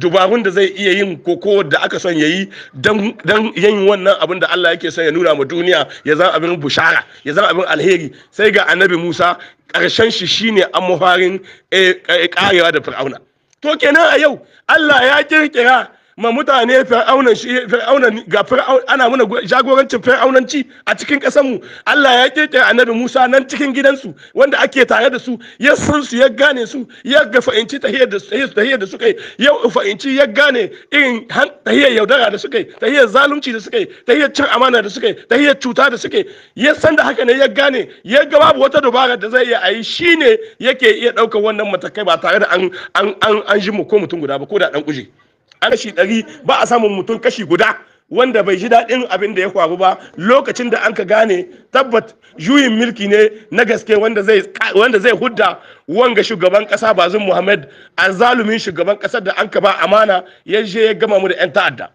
dubarun da zai iya yin koko da aka son ya yi don yin wannan abin da Allah yake son ya nuna ma duniya ya zan abin bushara ya zan abin alheri sai ga annabi Musa ƙarshen shi shine mafarin karewa eh, eh, da fir'auna to kenan a yau Allah ya kirkira ma mutane fir'aunan shi fir'aunan ga fir'aun ana muna jagorancin fir'aunanci a cikin ƙasar mu Allah ya kirkira annabi Musa nan cikin gidansu wanda ake tare da su ya san su ya gane su ya ga fa'inci tahiyar da tahiyar da suka yi ya fa'inci ya gane irin tahiyar yaudara da suka yi tahiyar zalunci da suka yi tahiyar cin amana da suka yi tahiyar cuta da suka yi ya san da haka ne ya gane ya ga babu wata dubara da zai iya ayi shine yake iya ɗaukar wannan matakai ba tare da an an an ji ko mutum guda ba ko da ɗan kuje. a ɗari ba a samun mutum kashi guda wanda bai ji daɗin abin da ya kwaru ba lokacin da an ka gane tabbat juyin mulki ne na gaske wanda zai hudda wanga shugaban ƙasa ba bazin muhammad azalumin shugaban ƙasar da an ka ba amana ya je ya gama mu da 'yan ta'adda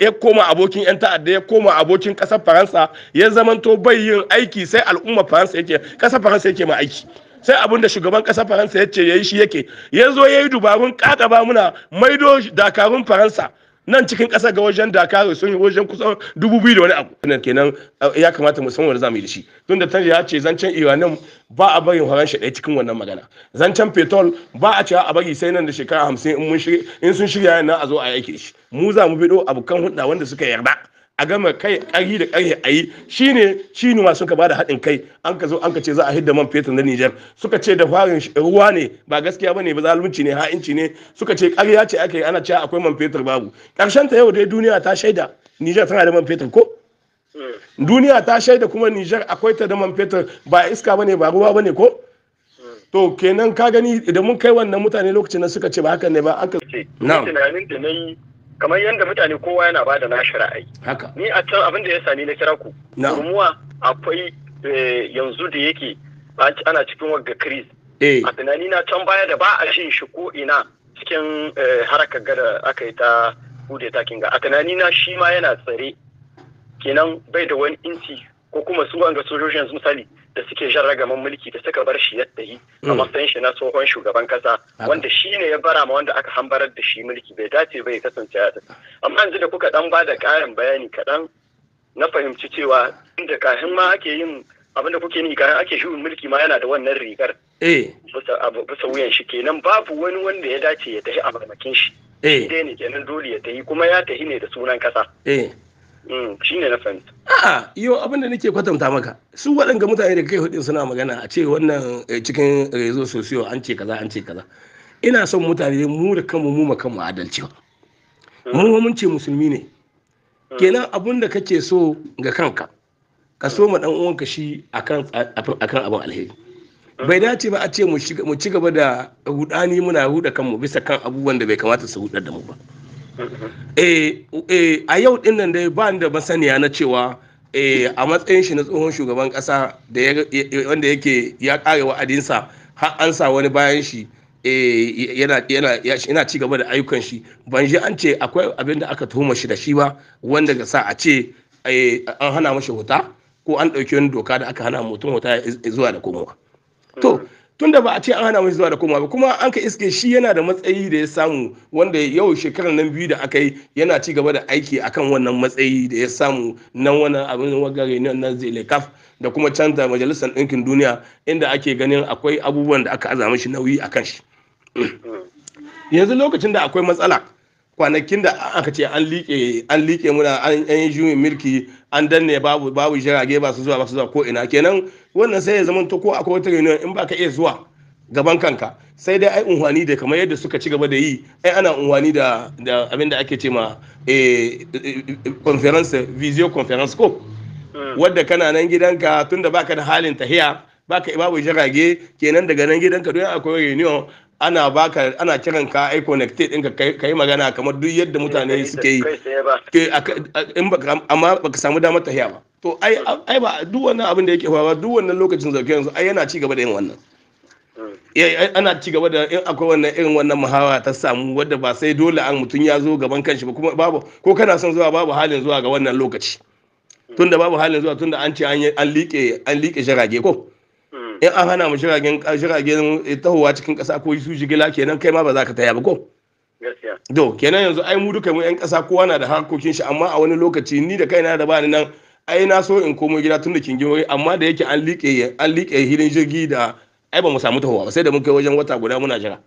ya koma abokin 'yan ta'adda ya koma abokin ƙasar faransa ya zamanto bai yin aiki sai al'ummar faransa yake ƙasar faransa yake ma aiki sai abin da shugaban ƙasar faransa ya ce ya yi shi yake ya zo ya yi dubarun ƙaƙaba muna maido dakarun faransa nan cikin ƙasar ga wajen dakaru sun yi wajen kusan dubu biyu da wani abu nan kenan eh, ya kamata mu san wanda zamu yi da shi tun da ya ce zancen iranin ba a bari horon shi ɗaya cikin wannan magana zancen petrol ba a cewa a bari sai nan da shekara hamsin in sun shirya nan a zo a yake shi mu za mu bido abokan hulɗa wanda suka yarda a gama kai ƙari da ƙarhe a yi shine cinuwa suka ba da haɗin kai an ka zo an ka ce za a hidda man fetur na Nijar suka ce da farin ruwa ne ba gaskiya bane ba zalunci ne ha'inci ne suka ce ƙarya ce ake ana cewa akwai man fetur babu ƙarshen ta yau dai duniya ta shaida Nijar tana da man fetur ko hmm. duniya ta shaida kuma Nijar akwai ta da man fetur ba iska bane ba ruwa bane ko hmm. to kenan ka gani idan mun kai wannan mutane lokacin da suka ce ba hakan ne ba an ka tunanin da kamar yadda mutane kowa yana ba da nashi ra'ayi ni a can abin da ya sani na kira ku gurmuwa akwai eh, yanzu da yake ana cikin wagga kris eh. a tunani na can baya da ba a shin shi ko ina cikin eh, harkar gada aka yi ta bude takin ga a tunani na shi ma yana tsare kenan bai da wani inci ko kuma su ga sojojin misali da suke jan ragaman mulki da suka bar shi yadda yi a mm. matsayin shi na tsohon shugaban kasa wanda shi ne ya bara ma wanda aka hambarar da shi mulki bai dace bai kasance ya tafi amma yanzu da kuka dan bada karin bayani kaɗan na fahimci cewa inda kafin ma ake yin abin da kuke ni kafin ake shirin mulki ma yana da wannan rigar eh. bisa wuyan shi kenan babu wani wanda ya dace ya tafi a mamakin shi eh. shi dai ne kenan dole ya tafi kuma ya tafi ne da sunan kasa eh. Mm, shi ne na fahimta. A'a, yo abin da nake kwatanta maka. Su waɗanga mutane da kai hudin suna magana a ce wannan eh, cikin rezo sosiyo an ce kaza an ce kaza. Ina son mutane mu da kanmu mu ma kanmu adalci ba. Mm. Mu mun ce musulmi ne. Mm. Kenan abin da kake so ga kanka. Ka so ma ɗan uwanka shi a kan abin alheri. Bai dace ba a ce mu ci gaba da rudani muna huda kanmu bisa kan abubuwan da bai kamata su hudar da mu ba. Eh, eh, a yau din nan dai ba da masaniya na cewa eh, a matsayin shi na tsohon shugaban kasa wanda yake ya kare wa'adinsa har an sa wani bayan shi yana ci gaba da ayyukan shi ban ji an ce akwai abin da aka tuhuma shi da shi ba wanda ga sa a ce an hana mashi wuta ko an ɗauki wani doka da aka hana mutum wuta zuwa da komowa to tunda ba a ce an hana mai zuwa da koma ba kuma an ka iske shi yana da matsayi da ya samu wanda yau shekarar nan biyu da aka yi yana ci gaba da aiki akan wannan matsayi da ya samu nan wani abin wagare na zelekaf da kuma canza majalisar ɗinkin duniya inda ake ganin akwai abubuwan da aka azama shi nauyi akan shi yanzu lokacin da akwai matsala kwanakin da aka ce an liƙe an liƙe muna an yi juyin milki an danne babu babu jirage ba su zuwa ba su zuwa ko ina kenan wannan sai ya zama to ko akwai wata reunion in baka iya zuwa gaban kanka sai dai ai unhwani da kamar yadda suka ci gaba da yi ai ana unhwani da da abin da ake ce ma eh conference visio conference ko hmm. wadda kana nan gidanka tunda baka da halin tahiya baka babu jirage kenan daga nan gidanka don akwai reunion ana baka ana kiran ka ai connected ɗinka ka yi magana kamar duk yadda mutane eh, suke yi amma baka samu damar tahiya ba to ai ba duk wannan abin da yake faruwa duk wannan lokacin zauke yanzu ai yana ci gaba da yin wannan hmm. eh, ana ci gaba da in akwai wannan irin wannan muhawara ta samu wadda ba sai dole an mutum ya zo gaban kanshi ba kuma babu ko kana son zuwa babu halin zuwa ga wannan lokaci hmm. tunda babu halin zuwa tunda an ce an liƙe an liƙe sharage ko in an hana mu jiragen jiragen tahowa cikin ƙasa ko su jigila kenan kai ma ba za ka taya ba ko do kenan yanzu ai mu duka mu yan ƙasa kowa na da harkokin shi amma a wani lokaci ni da kaina da bani nan ai na so in komo gida tun da kingin amma da yake an liƙe an liƙe hilin jirgi da ai ba mu samu tahowa ba sai da mun kai wajen wata guda muna jira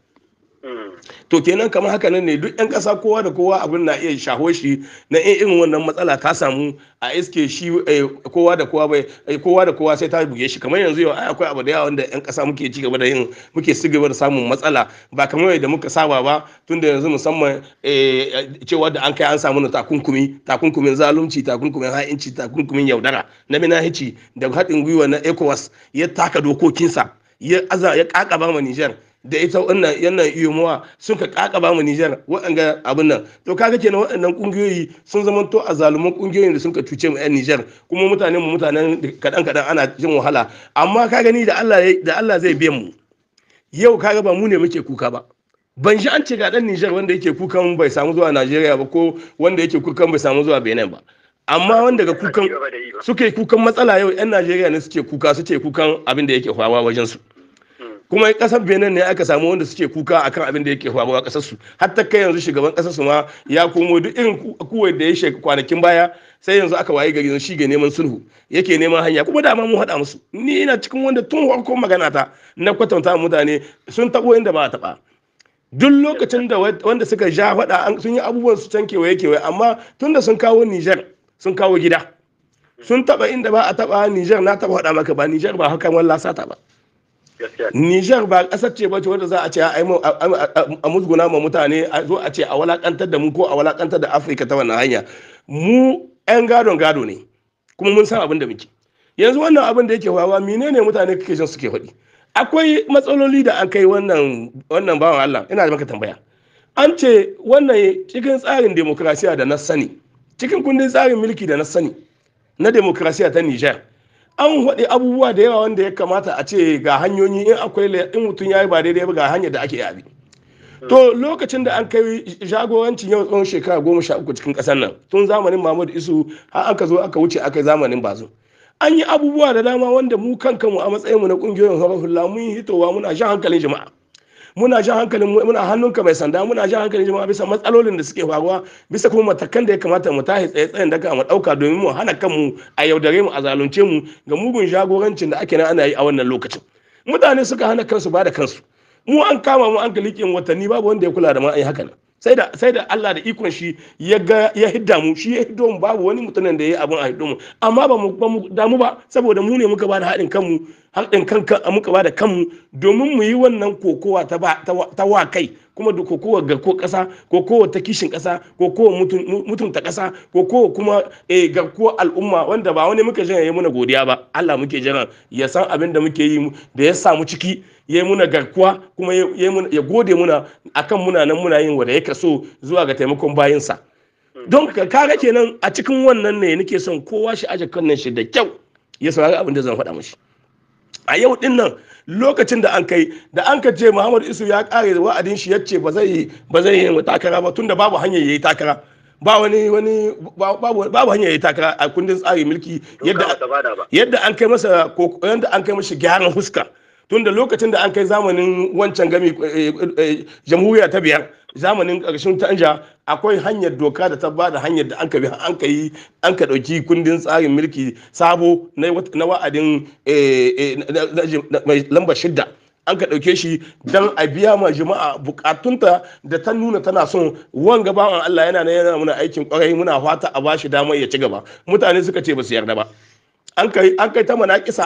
to kenan kamar haka nan ne duk yan kasa kowa da kowa abin na iya shaho shi na irin wannan matsala ta samu a iske shi eh, kowa da kowa bai eh, kowa da kowa sai ta buge shi kamar yanzu yau akwai abu da yawa wanda yan kasa muke ci gaba da yin muke ci gaba da samun matsala ba kamar yadda muka saba ba tunda yanzu musamman eh, cewa da an kai an samu takunkumi takunkumin zalunci takunkumin ha'inci takunkumin yaudara na minahici da haɗin gwiwa na ecowas ya taka dokokinsa ya aza ya ma Nijar da ita wannan yannan iyomuwa e sun ka kakaba mu Nijar waɗanga abin nan to kaga kenan waɗannan kungiyoyi sun zama to a zaluman kungiyoyin da sun ka cuce mu 'yan Nijar kuma mutanen mu mutanen kadan kadan ana jin wahala amma ka gani da Allah da Allah zai biyan mu yau kaga ba mu ne muke kuka ba ban ji an ce ga dan Nijar wanda yake kukan bai samu zuwa Najeriya ba ko wanda yake kukan bai samu zuwa Benin ba amma wanda ga kukan suke kukan matsala yau 'yan Najeriya ne suke kuka suke kukan abin da yake hawa wajen su kuma kasar benin ne aka samu wanda suke kuka akan abin da yake faruwa kasar su hatta kai yanzu shugaban kasar su ma ya komo duk irin kuwai da ya shi kwanakin baya sai yanzu aka waye gari shi ga neman sulhu yake neman hanya kuma dama mun haɗa musu ni ina cikin wanda tun farko magana ta na kwatanta mutane sun taɓo inda ba a taɓa duk lokacin da wanda suka ja faɗa sun yi abubuwan su can kewaye kewaye amma tunda sun kawo Niger sun kawo gida sun taɓa inda ba a taɓa Niger na taɓa haɗa maka ba Niger ba hakan wallasa ta ba Nijar ba ƙasar ce ba ce wanda za a ce a musguna ma mutane a zo a ce a walakantar da mu ko a walakantar da Afirka ta wannan hanya. Mu 'yan gadon gado ne kuma mun san abin da muke. Yanzu wannan abin da yake mine ne mutane kake jin suke faɗi? Akwai matsaloli da an kai wannan wannan bawan Allah ina da maka tambaya. An ce wannan cikin tsarin demokrasiya da na sani cikin kundin tsarin mulki da na sani na demokrasiya ta Nijar. an waɗi abubuwa da yawa wanda ya kamata a ce ga hanyoyi in akwai in mutum ya yi ba daidai ba ga hanyar da ake yabi hmm. to lokacin da an kai jagorancin yau tsawon shekara goma sha uku cikin ƙasar nan tun zamanin mahmud isu har aka zo aka wuce aka zamanin bazu an yi abubuwa da dama wanda mu kankanmu a matsayinmu na ƙungiyoyin hula mun yi hitowa muna shan hankalin jama'a muna jan hankalin muna hannunka mai sanda muna jan hankalin jama'a bisa matsalolin da suke faruwa bisa kuma matakan da ya kamata mu tahi tsaye tsayen daga mu dauka domin mu hana kanmu a yaudare mu a zalunce mu ga mugun jagorancin da ake nan ana yi a wannan lokacin mutane suka hana kansu ba da kansu mu an kama mu an kalikin watanni babu wanda ya kula da mu a yi haka nan sai da Allah da ikon shi ya hidda mu shi ya hiddo mu babu wani mutumin da ya yi abin a hiddo mu amma ba mu ba mu damu ba saboda mu ne muka ba da haɗin kanmu haɗin kan muka ba da kanmu domin mu yi wannan kokowa ta ta wa kai kuma ko kowa ga ko ƙasa ko kowa ta kishin ƙasa ko kowa mutunta kasa ko kowa kuma eh, ga ko al'umma wanda ba wani muka jiran ya muna godiya ba Allah muke jiran ya san abin da muke yi da ya samu ciki ya muna garkuwa kuma ya gode muna akan muna nan muna yin wanda ya kaso zuwa ga taimakon bayinsa don kaga kenan a cikin wannan ne nake son kowa shi aje kan nan shi da kyau ya saurari abin da zan faɗa mashi a yau din nan lokacin da an kai da an ka ce muhammadu isu ya kare wa'adin shi ya ce ba zai ba yi takara ba tunda babu hanyar yayi takara ba wani wani babu hanyar yayi takara a kundin tsari mulki yadda an kai masa yadda an kai masa gyaran huska tunda lokacin da an kai zamanin wancan gami eh, eh, eh, jamhuriya ta biyar zamanin karshen tanja akwai hanyar doka da ta bada hanyar da an ka bi an yi an ka dauki kundin tsarin mulki sabo na wa'adin eh, eh, mai lamba shidda an ka dauke shi dan a biya ma jama'a bukatunta da ta nuna tana son gaba bawan Allah yana yana muna aikin kwarai muna fata a ba shi damar ya ci gaba mutane suka ce ba su yarda ba an kai an kai ta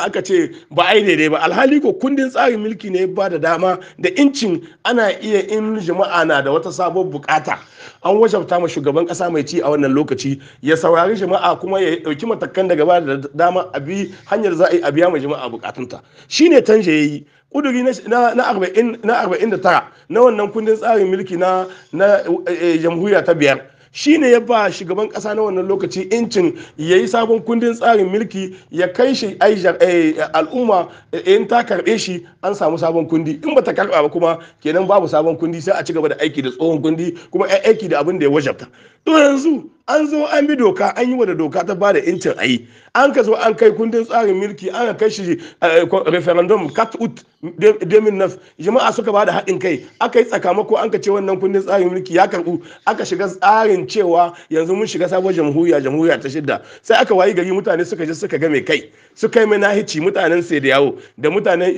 aka ce ba ai daidai ba alhali ko kundin tsarin mulki ne ba da dama da incin ana iya in jama'a na da wata sabon bukata an wajabta ma shugaban kasa mai ci a wannan lokaci ya saurari jama'a kuma ya dauki matakan daga ba da dama a bi hanyar za a yi a biya ma jama'a bukatunta shine tanje yayi kuduri na 49 na wannan kundin tsarin mulki na eh, eh, jamhuriya ta biyar shi ne ya ba shugaban kasa na wannan lokaci incin ya yi sabon kundin tsarin mulki ya kai shi eh, al'umma eh, in ta karbe shi an samu sabon kundi in ba ta karba ba kuma kenan babu sabon kundi sai a ci gaba da aiki da tsohon kundi kuma aiki da abin da ya wajabta to yanzu an zo an bi doka an yi wada doka ta bada incin ayi an ka zo an kai kundin tsarin mulki an kai shi eh, referendum cut out 2009 jama'a suka bada haɗin kai aka yi tsakamako an ka ce wannan kundin tsarin mulki ya karɓu aka shiga tsarin cewa yanzu mun shiga sabon jamhuriya jamhuriya ta shidda sai aka wayi gari mutane suka je suka game kai suka yi manahici mutanen sediyawo da mutanen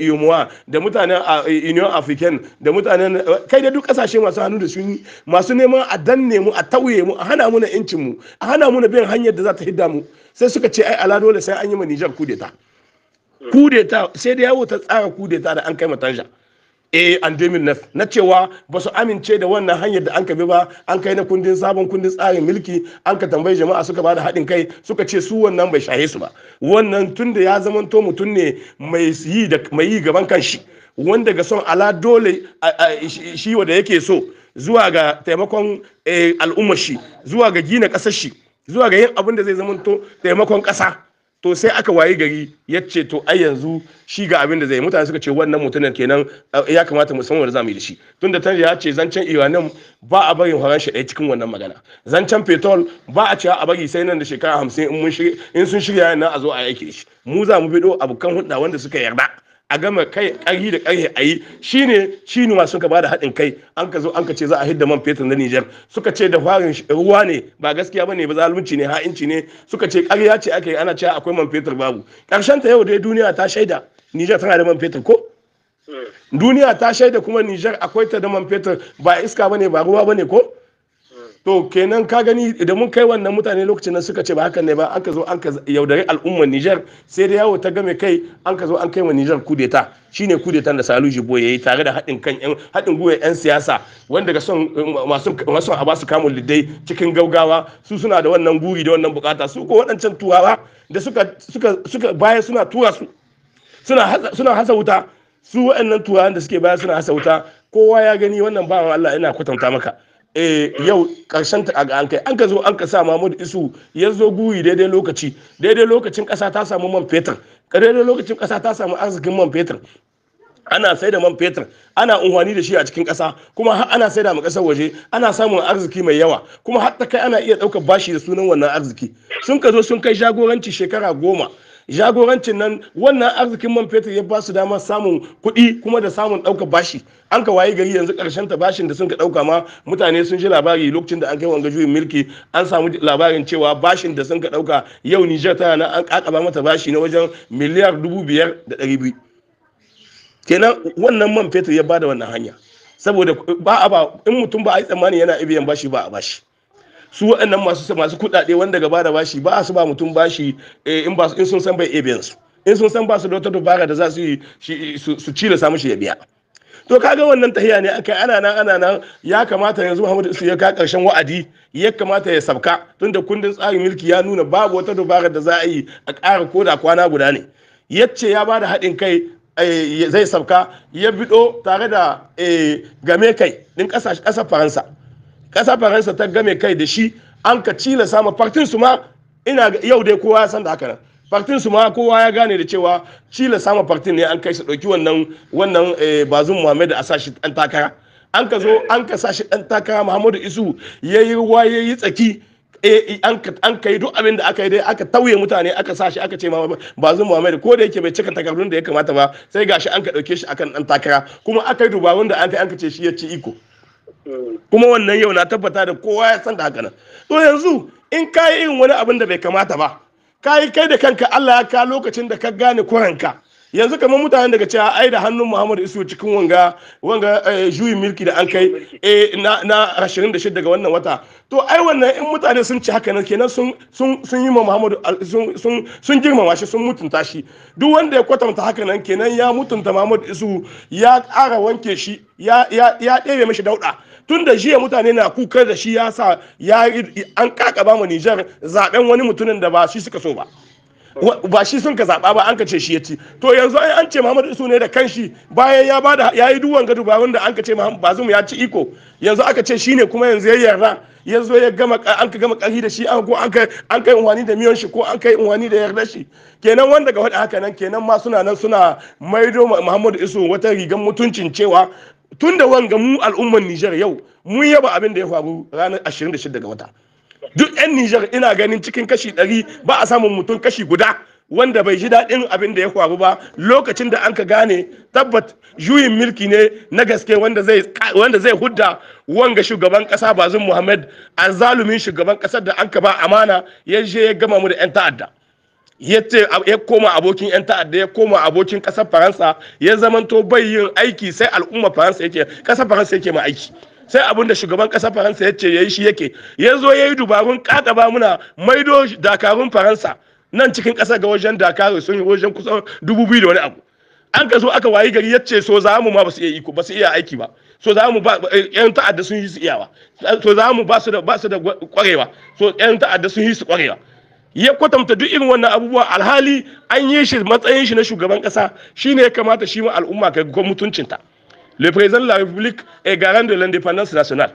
iyomuwa eh, da mutanen ah, union african da mutanen eh, kai da duk kasashe masu hannu da sun masu neman a danne mu a tauye mu a hana mu na incin mu a hana mu na bin hanyar da za ta hidda mu sai suka ce ai ala dole sai an yi ma Nijar kudeta mm. kudeta sai da yawo ta tsara kudeta da an kai matanja eh an 2009 na cewa ba su amince da wannan hanyar da an ka bi ba an kai na kundin sabon kundin tsarin mulki an ka tambayi jama'a suka ba da haɗin kai suka ce su wannan bai shahe su ba wannan tun da ya zamanto mutum ne mai yi gaban kanshi wanda ga son ala dole shi wanda yake so zuwa ga taimakon eh, al'ummar shi zuwa ga gina ƙasar shi zuwa ga yin abin da zai zamanto taimakon ƙasa to sai aka wayi gari ya ce to ai yanzu shi ga abin da zai mutane suka ce wannan mutumin kenan eh, ya kamata mu san wanda zamu yi da shi tun da tanja ya ce zancen iranin ba a barin horon shi ɗaya cikin wannan magana zancen petrol ba a cewa a bari sai nan da shekara hamsin in sun shirya yana a zo a aiki da shi mu za mu bido abokan hulɗa wanda suka yarda a gama kai ƙarhi da ƙarhi a yi shi shine cinuwa suka ba da haɗin kai an ka zo an ka ce za a hidda man fetur na Nijar suka ce da farin ruwa ne ba gaskiya bane ba zalunci ne ha'inci ne suka ce ƙarya ce ake ana cewa akwai man fetur babu ƙarshen ta yau dai duniya ta shaida Nijar tana da man fetur ko hmm. duniya ta shaida kuma Nijar akwai ta da man fetur ba iska bane ba ruwa bane ko to kenan ka gani idan mun kai wannan mutane lokacin nan suka ce ba hakan ne ba an ka zo an ka yaudare al'ummar Niger sai da yawo ta game kai an ka zo an kai wa Niger kudeta shine kudeta da Salu Jibo yayi tare da haɗin kan yan haɗin gwiwa yan siyasa wanda ga son masu masu a basu kamun liddai cikin gaugawa su suna da wannan guri da wannan bukata su ko waɗancan turawa da suka suka suka baya suna tura su suna suna hasa wuta su waɗannan turawan da suke baya suna hasa wuta kowa ya gani wannan bawan Allah ina kwatanta maka Eh, yau karshen ta ga an kai an ka zo an ka sa mamud Isu ya zo guyi daidai lokaci daidai lokacin kasa ta samu man fetur daidai lokacin kasa ta samu arzikin man fetur ana sai da man fetur ana unhwani da shi a cikin ƙasa kuma ana sai da ma kasar waje ana samun arziki mai yawa kuma har kai ana iya daukar bashi da sunan wannan arziki sun ka zo sun kai jagoranci shekara goma jagorancin nan wannan arzikin man fetur ya ba su dama samun kuɗi kuma da samun ɗaukar bashi an ka waye gari yanzu ƙarshen ta bashin da sun ka ɗauka ma mutane sun ji labari lokacin da an kai wanga juyin mulki an samu labarin cewa bashin da sun ka ɗauka yau Nijar tana nan an ƙaƙaba mata bashi na wajen miliyar dubu biyar da ɗari biyu kenan wannan man fetur ya ba da wannan hanya saboda ba a ba in mutum ba a yi tsammani yana ibiyan bashi ba a bashi su waɗannan masu masu kuɗaɗe wanda gaba da bashi ba su ba mutum bashi eh, in ba in sun san bai iya in sun san ba su da wata dubara da za su yi su cire samu shi ya biya to kaga wannan tahiya ne aka ana nan ana nan ya kamata yanzu Muhammadu Isu ya ka karshen wa'adi ya kamata ya sabka tunda kundin tsarin mulki ya nuna babu wata dubara da za a yi a ƙara koda kwana guda ne yace ya bada haɗin kai eh, zai sabka ya bido tare da eh, game kai din ƙasa faransa ƙasa faransa ta game kai da shi an ka cila sama partin su ma ina yau dai kowa ya san da haka nan partin su ma kowa ya gane da cewa cila sama partin ne an kai su ɗauki wannan wannan eh, bazum muhammed a sashi ɗan takara an ka zo an ka sashi ɗan takara muhammadu isu ya yi ruwa ya yi tsaki eh, eh, an ka yi duk abin da aka yi dai aka tauye mutane aka sashi aka ce bazin muhammed ko da yake bai cika takardun da ya kamata ba sai gashi an ka ɗauke shi akan ɗan takara kuma aka yi dubarun da an kai an ka ce shi ya ci iko kuma wannan yau na tabbata da kowa ya san da haka nan to yanzu in ka irin wani abin da bai kamata ba ka kai da kanka Allah ya ka lokacin da ka gane kuranka yanzu kamar mutanen daga cewa ai da hannun Muhammadu Isu cikin wanga wanga eh, juyin milki da an kai eh, na na 26 daga wannan wata to ai wannan in mutane sun ci haka nan kenan sun sun sun yi ma Muhammadu sun sun girmama shi sun mutunta shi duk wanda ya kwatanta haka nan kenan ya mutunta Muhammadu Isu ya ƙara wanke shi ya ya ya ɗebe mishi dauɗa tun da jiya mutane na kukar da shi ya sa ya an kakaba mu Nijar zaben wani mutumin da ba shi suka so ba ba shi sun ka zaɓa ba an ka ce shi ya ci to yanzu ai an ce Muhammadu Isu ne da kanshi bayan ya bada ya yi duwan gadu ba wanda an ka ce Bazum ya ci iko yanzu aka ce shi ne kuma yanzu ya yarda yanzu ya gama an ka gama kahi da shi an ko an kai an unwani da miyon shi ko an kai unwani da yarda shi kenan wanda ga faɗi haka nan kenan ma suna nan suna maido Muhammadu Isu wata rigan mutuncin cewa tun da wanga mu al'umman Nijar yau mun yaba abin da ya faru ranar 26 ga wata duk 'yan Nijar ina ganin cikin kashi 100 ba a samun mutum kashi guda wanda bai ji daɗin abin da ya faru ba lokacin da an ka gane tabbat juyin mulki ne na gaske wanda zai hudda wanga shugaban kasa bazin muhammad azalumin shugaban kasar da an ka ba amana ya je ya gama mu da 'yan ta'adda ya ce ya koma abokin 'yan ta'adda ya koma abokin kasar faransa ya zamanto bai yin aiki sai al'umma faransa yake kasar faransa yake ma aiki sai abin da shugaban kasar faransa ya ce ya yi shi yake ya zo ya yi dubarun kakaba muna maido dakarun faransa nan cikin kasar ga wajen dakarun sun yi wajen kusan dubu biyu da wani abu an ka zo aka wayi gari ya ce so za mu ma ba su iya iko ba su iya aiki ba so za mu ba yan ta'adda sun yi su iyawa so za mu ba su da kwarewa so yan ta'adda sun yi su kwarewa ya kwatanta duk irin wannan abubuwa alhali an yi shi matsayin shi na shugaban kasa shine ya kamata shi ma al'umma ga mutuncinta le président de la république est garant de l'indépendance nationale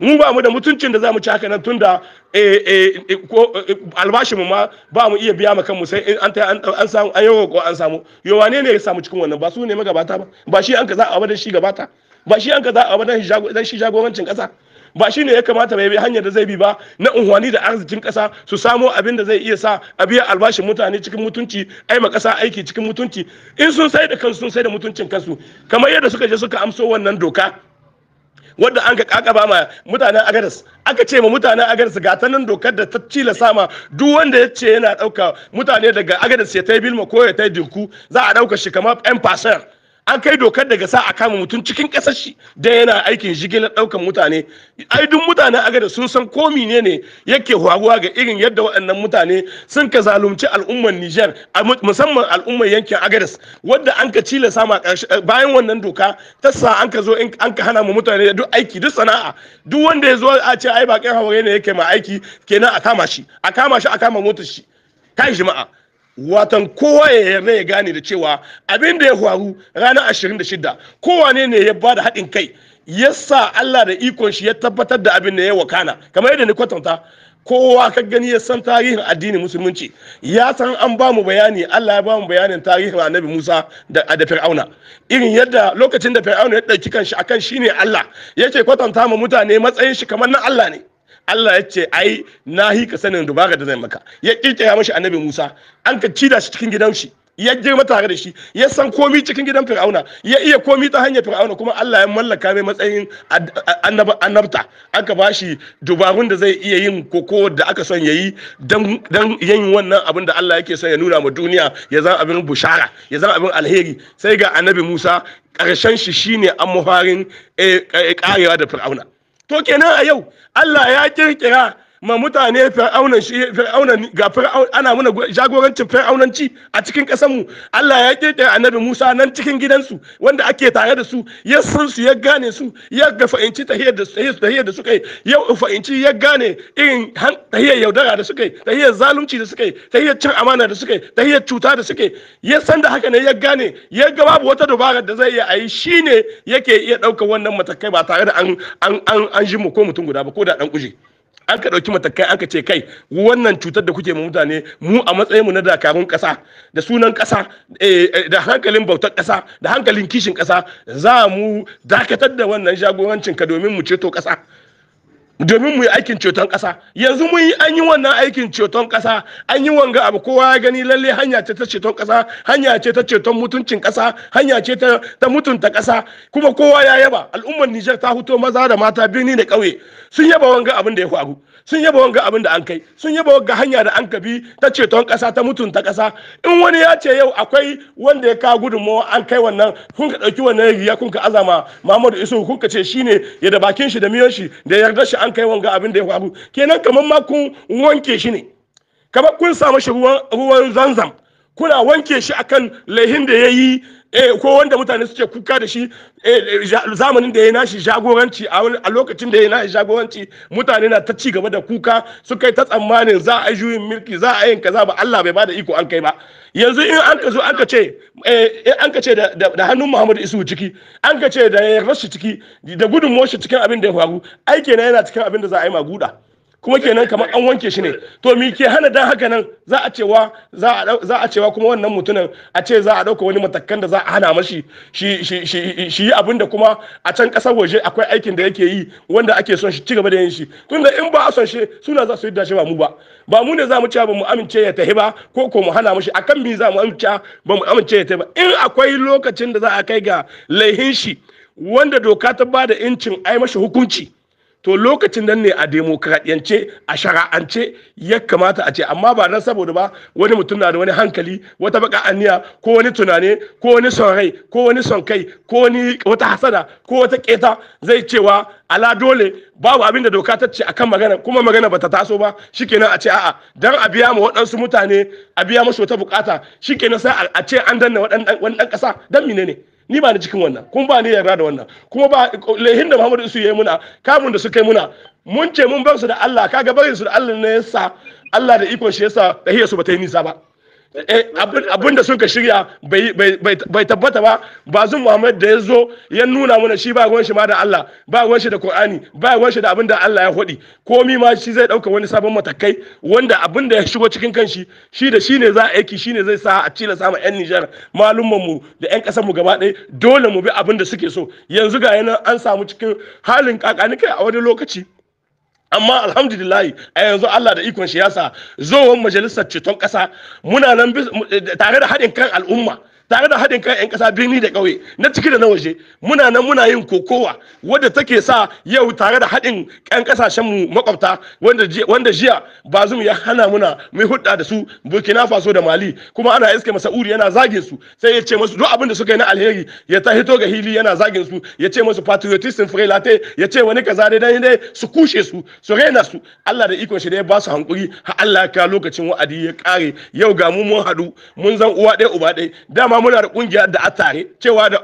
mu ba mu da mutuncin da za mu ci haka nan tunda eh, eh, eh, albashinmu ma ba mu iya biya ma kanmu sai an ta an samu an yawo ko an samu yo wane ne ya samu cikin wannan ba su ne magabata ba ba shi an ka za a abadan shi gabata ba shi an ka za a abadan shi jagorancin kasa ba shi ne ya kamata bai bi hanyar da zai bi ba na unhwani da arzikin kasa su samo abin da zai iya sa a biya albashin mutane cikin mutunci ai ma kasa aiki cikin mutunci in sun sai da kansu sun sai da mutuncin kansu kamar yadda suka je suka amso wannan doka wadda an ka kakaba ma mutanen agadas aka ce ma mutanen agadas ga ta nan dokar da ta cila sama duk wanda ya ce yana dauka mutane daga agadas ya ta yi bilma ko ya ta yi dinku za a dauka shi kamar yan an kai dokar daga sa a kama mutum cikin ƙasar shi da yana aikin jigilar ɗaukan mutane ai duk mutane a da sun san ko ne ne yake faruwa ga irin yadda waɗannan mutane sun ka zalunci al'ummar Niger musamman al'ummar yankin Agadas wadda an ka cila sama eh, bayan wannan doka ta sa an ka zo an ka hana mu mutane duk aiki duk sana'a duk wanda ya zo a ce ai bakin hawaye ne yake ma aiki kenan a kama shi a kama shi a kama motar shi kai jama'a watan kowa ya yarda ya gane da cewa abin da ya faru ranar ashirin da shida kowane ne ya ba da haɗin kai ya sa Allah da ikon shi ya tabbatar da abin da ya wakana kamar yadda ni kwatanta kowa ka gani ya san tarihin addinin musulunci ya san an ba mu bayani Allah ya ba mu bayanin tarihin annabi Musa da da Fir'auna irin yadda lokacin da Fir'auna ya ɗauki kanshi akan shine Allah yake kwatanta ma mutane matsayin shi kamar na Allah ne Allah ya ce ai na hi ka sanin dubara da zai maka ya kirkira mashi annabi Musa an ka cida shi cikin gidan shi ya girma tare da shi ya san komi cikin gidan fir'auna ya iya komi ta hanyar fir'auna kuma Allah ya mallaka mai matsayin annabta aka ka bashi dubarun da zai iya yin koko da aka son yayi dan dan yin wannan abin da Allah yake son ya nuna ma duniya ya zan abin bushara ya zan abin alheri sai ga annabi Musa karshen shi shine an mafarin karewa eh, da fir'auna to kenan a yau Allah ya kirkira ma mutane fir'aunan shi fir'aunan ga fir'aun ana muna jagorancin fir'aunanci a cikin ƙasar mu Allah ya kike annabi Musa nan cikin gidansu wanda ake tare da su ya san su ya gane su ya ga fa'inci tahiyar da tahiyar da suka yi ya fa'inci ya gane irin tahiyar yaudara da suka yi tahiyar zalunci da suka yi tahiyar cin amana da suka yi tahiyar cuta da suka yi ya san da haka ne ya gane ya ga babu wata dubara da zai iya a yi shine yake iya ɗaukar wannan matakai ba tare da an an an ji mu ko mutum guda ba ko da ɗan kuje. an ka ɗauki matakai an ka ce kai wannan cutar da kuke mutane mu a matsayin mu na dakarun ƙasa da sunan ƙasa eh, eh, da hankalin bautar ƙasa da hankalin kishin ƙasa za mu dakatar da wannan jagorancin ka domin mu ceto ƙasa domin mu yi aikin ceton ƙasa yanzu mun yi an yi wannan aikin ceton ƙasa an yi wanga abu kowa ya gani lalle hanya ce ta ceton ƙasa hanya ce ta ceton mutuncin ƙasa hanya ce ta mutunta ƙasa kuma kowa ya yaba al'ummar Nijar ta huto maza da mata birni da ƙauye sun yaba wanga abin da ya faru sun yaba wanga abin da an kai sun yaba wanga hanya da an ka bi ta ceton kasa ta mutunta kasa in wani ya ce yau akwai wanda ya ka gudunmawa an kai wannan kun ka dauki wannan riya kun ka azama Muhammadu Isu kun ka ce shine ya da bakin shi da miyon shi da yarda shi an kai wanga abin da ya faru kenan kaman ma kun wanke shi ne kaman kun samu shi ruwan zanzam kuna wanke shi akan laihin da yayi eh ko wanda mutane suke kuka da shi eh, eh, zamanin da ya nashi jagoranci a lokacin da ya nashi jagoranci mutane na ta ci gaba da kuka su kai ta tsammanin za a juyin mulki za a yin kaza ba Allah bai bada iko an kai ba yanzu in an ka zo an ka ce eh an ka ce da hannun Muhammadu Isu ciki an ka ce da rashin ciki da gudun moshi cikin abin da ya faru aikina na yana cikin abin da za a yi maguda kuma kenan kamar an wanke shi ne to mi ke hana dan haka nan za a cewa za a cewa kuma wannan mutunan a ce za a dauka wani matakan da za a hana mashi shi shi yi abin da kuma a can kasar waje akwai aikin da yake yi wanda ake son shi cigaba da yin shi tunda in ba a son shi suna za su yi dace ba mu ba ba mu ne za mu cewa ba mu amince ya tahi ba ko ko mu hana mashi akan mi za mu amince ba mu amince ya tahi ba in akwai lokacin da za a kai ga laihin shi wanda doka ta bada incin ai mashi hukunci to lokacin nan ne a demokradiyance a shara'ance ya kamata a ce amma ba nan saboda ba wani mutum na da wani hankali wata baka aniya ko wani tunane ko wani son rai ko wani son kai ko wani wata hasada ko wata keta zai cewa ala dole babu abin da doka ta ce akan magana kuma magana bata taso ba shikenan a ce a'a dan a biya ma waɗansu mutane a biya musu wata bukata shikenan sai a ce an danna wani ɗan ƙasa dan menene ne ni ba ni cikin wannan kuma ba ni yarda da wannan kuma ba lehin da Muhammadu Isu yayi muna kamun da suka yi muna mun ce mun bar su da Allah kaga barin su da Allah ne yasa Allah da ikon shi yasa hiyar su ba ta yi nisa ba Eh, abin da suka shirya bai tabbata ba ba bazin muhammad da ya zo ya nuna mana shi ba gwanshi ma da Allah ba gwanshi da Qur'ani ba gwanshi da abin da Allah ya hudi komi ma shi zai ɗauka wani sabon matakai wanda abin da ya shigo cikin kanshi shi da shi ne za a aiki shi ne zai sa a cila sama yan Nijar malumman mu da yan kasar mu gaba ɗaya dole mu bi abin da suke so yanzu ga yana an samu cikin halin kakani kai a wani lokaci amma alhamdulillahi a yanzu Allah da ikon shi yasa zuwan majalisar ceton ƙasa muna nan eh, tare da haɗin kan al'umma tare da haɗin kan 'yan ƙasa birni da ƙauye na ciki da na waje muna nan muna yin kokowa wadda take sa yau tare da haɗin 'yan ƙasashenmu makwabta wanda jiya bazum ya hana muna mai hudda da su burkina faso da mali kuma ana iske uri yana zagin su sai ya ce masu duk abin da suka yi na alheri ya ta hito ga hili yana zagin su ya ce masu patriotism frelate ya ce wani kaza dai dan dai su kushe su su rena su Allah da ikon shi da ya ba su hankuri har Allah ya ka lokacin wa'adi ya kare yau ga mu mun haɗu mun zan uwa ɗaya uba ɗaya dama ma muna da kungiya da a tare cewa da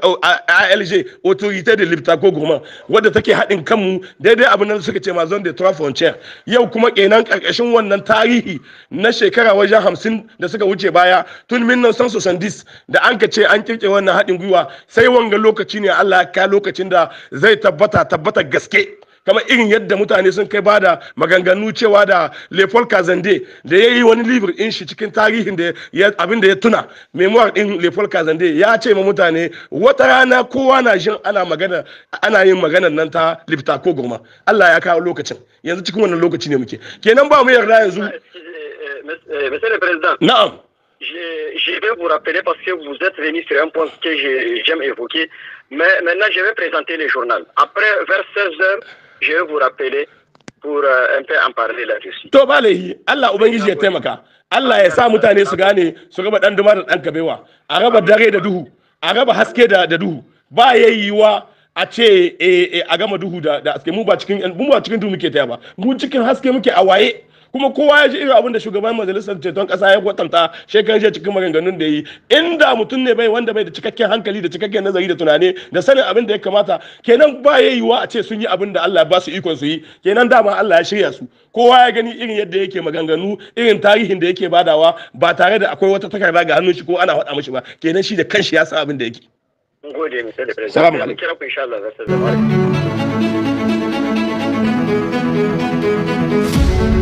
ALG autorité de liberté ko goma wadda take haɗin kanmu daidai abin da suka ce ma zone de trois frontières yau kuma kenan karkashin wannan tarihi na shekara wajen hamsin da suka wuce baya tun 1970 da an ka ce an kirkire wannan haɗin gwiwa sai wanga lokaci ne Allah ya ka lokacin da zai tabbata tabbata gaske kamar irin yadda mutane sun kai bada maganganu cewa da Leopold Kazande da ya yi wani libir in shi cikin tarihin da abin da ya tuna memoir din Leopold Kazande ya ce ma mutane wata rana kowa na jin ana magana ana yin maganar nan ta lifta ko goma Allah ya kawo lokacin yanzu cikin wannan lokaci ne muke kenan ba mu yarda yanzu eh, eh, eh, Na'am. Je, je, vais vous rappeler parce que vous êtes venu sur un point que j'aime évoquer. Mais maintenant, je vais présenter le journal. Après, vers 16 heures, je vais vous rappeler pour euh, un peu en parler là-dessus. To ba laihi, Allah Ubangiji ya taimaka. Allah ya sa mutane su gane su raba dan duma da dan kabewa, a raba dare da duhu, a raba haske da duhu. Ba yayyuwa a ce eh, eh, a gama duhu da haske mu ba cikin mu ba cikin duhu muke taya ba. Mu cikin haske muke a waye. kuma kowa ya ji irin abin da shugaban majalisar ceton kasa ya kwatanta shekaran jiya cikin maganganun da yi inda mutum ne bai wanda bai da cikakken hankali da cikakken nazari da tunani da sanin abin da ya kamata kenan ba ya wa a ce sun yi abin da Allah ba su ikon su yi kenan dama Allah ya shirya su kowa ya gani irin yadda yake maganganu irin tarihin da yake badawa ba tare da akwai wata takarda ga hannun shi ko ana faɗa mishi ba kenan shi da kanshi ya san abin da yake salamu alaikum